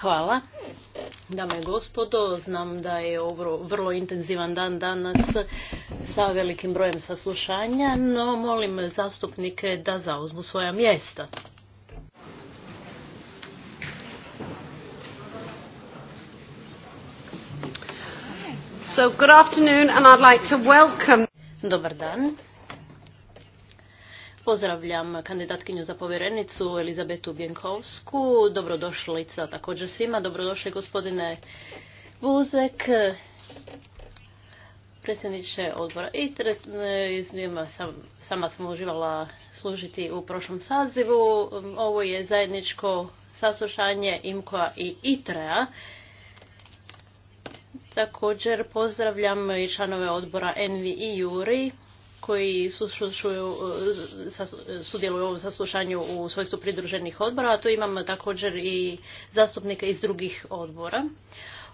Hvala. Dame i gospodo, znam da je ovo vrlo intenzivan dan danas sa velikim brojem saslušanja, no molim zastupnike da zauzmu svoja mjesta. So, Dobar dan. Pozdravljam kandidatkinju za povjerenicu Elizabetu Bjenkovsku. Dobrodošlica također svima. Dobrodošli gospodine Buzek, predsjedniče odbora ITRE, s njima sama sam uživala služiti u prošlom sazivu. Ovo je zajedničko saslušanje IMKOA i ITREA. Također pozdravljam i članove odbora Envi i Juri koji eh, sudjeluju u ovom saslušanju u svojstvu pridruženih odbora, a tu imam također i zastupnike iz drugih odbora.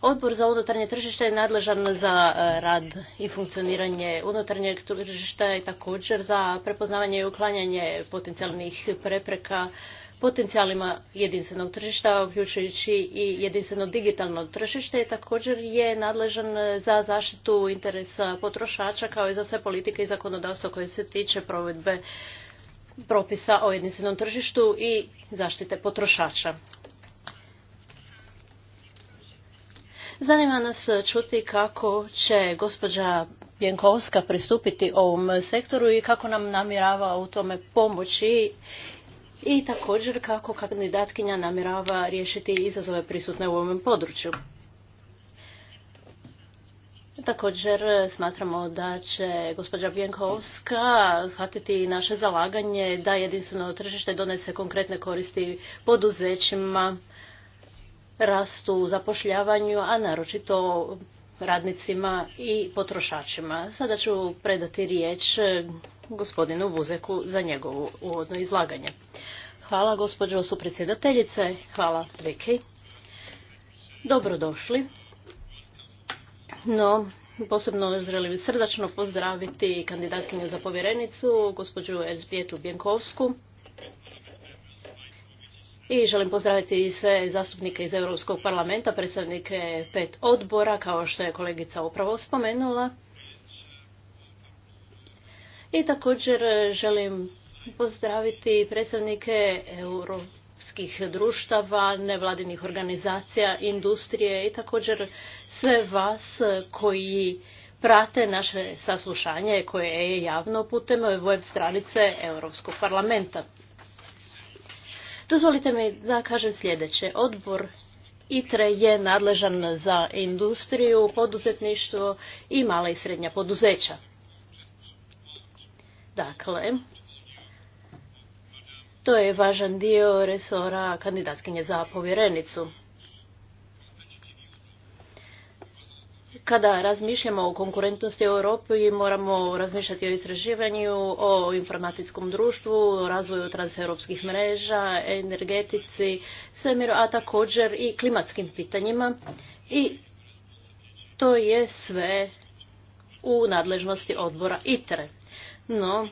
Odbor za unutarnje tržište je nadležan za eh, rad i funkcioniranje unutarnjeg tržišta i također za prepoznavanje i uklanjanje potencijalnih prepreka potencijalima jedinstvenog tržišta, uključujući i jedinstveno digitalno tržište, također je nadležan za zaštitu interesa potrošača kao i za sve politike i zakonodavstvo koje se tiče provedbe propisa o jedinstvenom tržištu i zaštite potrošača. Zanima nas čuti kako će gospođa Bjenkovska pristupiti ovom sektoru i kako nam namjerava u tome pomoći i također kako kandidatkinja namjerava riješiti izazove prisutne u ovom području. Također smatramo da će gospođa Bjenkovska shvatiti naše zalaganje da jedinstveno tržište donese konkretne koristi poduzećima, rastu, zapošljavanju, a naročito radnicima i potrošačima. Sada ću predati riječ e, gospodinu Vuzeku za njegovo uvodno izlaganje. Hvala gospođo predsjedateljice, hvala Dobro Dobrodošli. No, posebno želim srdačno pozdraviti kandidatkinju za povjerenicu, gospođu Elzbijetu Bjenkovsku. I želim pozdraviti sve zastupnike iz Europskog parlamenta, predstavnike pet odbora, kao što je kolegica upravo spomenula. I također želim pozdraviti predstavnike europskih društava, nevladinih organizacija, industrije i također sve vas koji prate naše saslušanje koje je javno putem web stranice Europskog parlamenta. Dozvolite mi da kažem sljedeće. Odbor ITRE je nadležan za industriju, poduzetništvo i mala i srednja poduzeća. Dakle, to je važan dio resora kandidatkinje za povjerenicu. Kada razmišljamo o konkurentnosti u Europi, moramo razmišljati o istraživanju, o informatickom društvu, o razvoju transeuropskih mreža, energetici, svemiru, a također i klimatskim pitanjima. I to je sve u nadležnosti odbora ITRE. No,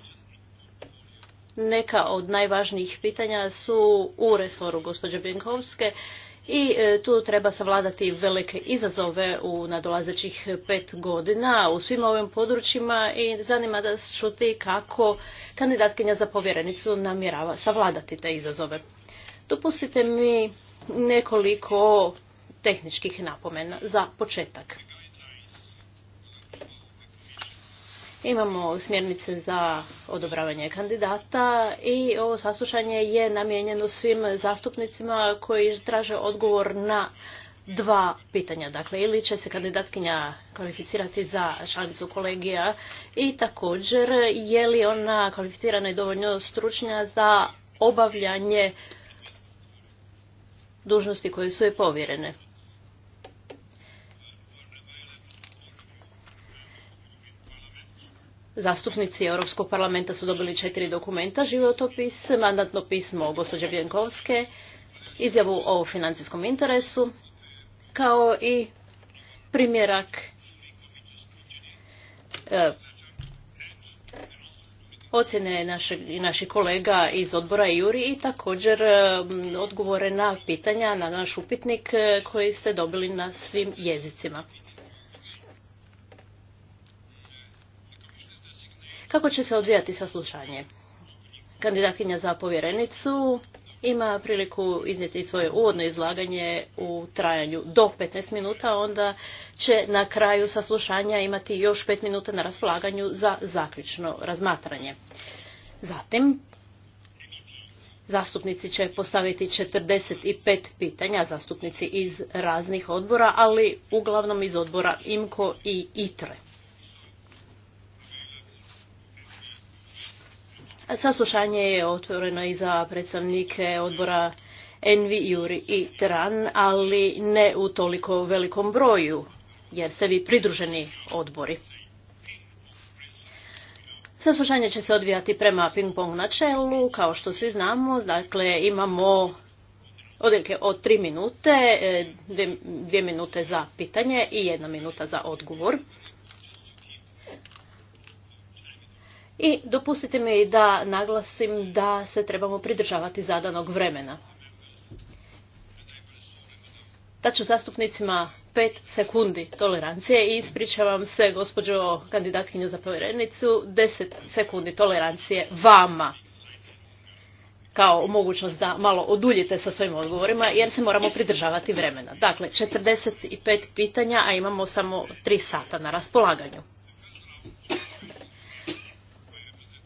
neka od najvažnijih pitanja su u resoru gospođe Benkovske i e, tu treba savladati velike izazove u nadolazećih pet godina u svim ovim područjima i zanima da se čuti kako kandidatkinja za povjerenicu namjerava savladati te izazove. Dopustite mi nekoliko tehničkih napomena za početak. Imamo smjernice za odobravanje kandidata i ovo saslušanje je namijenjeno svim zastupnicima koji traže odgovor na dva pitanja. Dakle, ili će se kandidatkinja kvalificirati za članicu kolegija i također je li ona kvalificirana i dovoljno stručnja za obavljanje dužnosti koje su je povjerene. Zastupnici Europskog parlamenta su dobili četiri dokumenta, životopis, mandatno pismo gospođe Bjenkovske, izjavu o financijskom interesu, kao i primjerak e, ocjene i naših kolega iz odbora Juri i također e, odgovore na pitanja na naš upitnik e, koji ste dobili na svim jezicima. Kako će se odvijati saslušanje? Kandidatkinja za povjerenicu ima priliku iznijeti svoje uvodno izlaganje u trajanju do 15 minuta, onda će na kraju saslušanja imati još 5 minuta na raspolaganju za zaključno razmatranje. Zatim, zastupnici će postaviti 45 pitanja, zastupnici iz raznih odbora, ali uglavnom iz odbora IMKO i ITRE. Saslušanje je otvoreno i za predstavnike odbora Envi, Juri i Teran, ali ne u toliko velikom broju, jer ste vi pridruženi odbori. Saslušanje će se odvijati prema ping-pong načelu, kao što svi znamo, dakle imamo odjeljke od tri minute, e, dvije minute za pitanje i jedna minuta za odgovor. I dopustite mi da naglasim da se trebamo pridržavati zadanog vremena. Da ću zastupnicima pet sekundi tolerancije i ispričavam se gospođo kandidatkinju za povjerenicu deset sekundi tolerancije vama kao mogućnost da malo oduljite sa svojim odgovorima jer se moramo pridržavati vremena. Dakle, 45 pitanja, a imamo samo 3 sata na raspolaganju.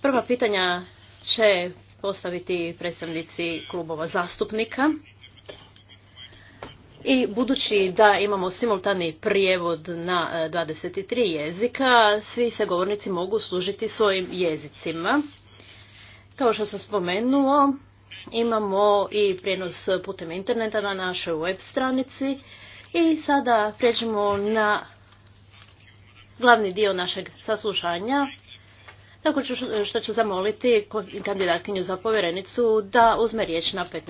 Prva pitanja će postaviti predstavnici klubova zastupnika. I budući da imamo simultani prijevod na 23 e, jezika, svi se govornici mogu služiti svojim jezicima. Kao što sam spomenuo, imamo i prijenos putem interneta na našoj web stranici i sada pređemo na glavni dio našeg saslušanja tako što ću zamoliti kandidatkinju za povjerenicu da uzme riječ na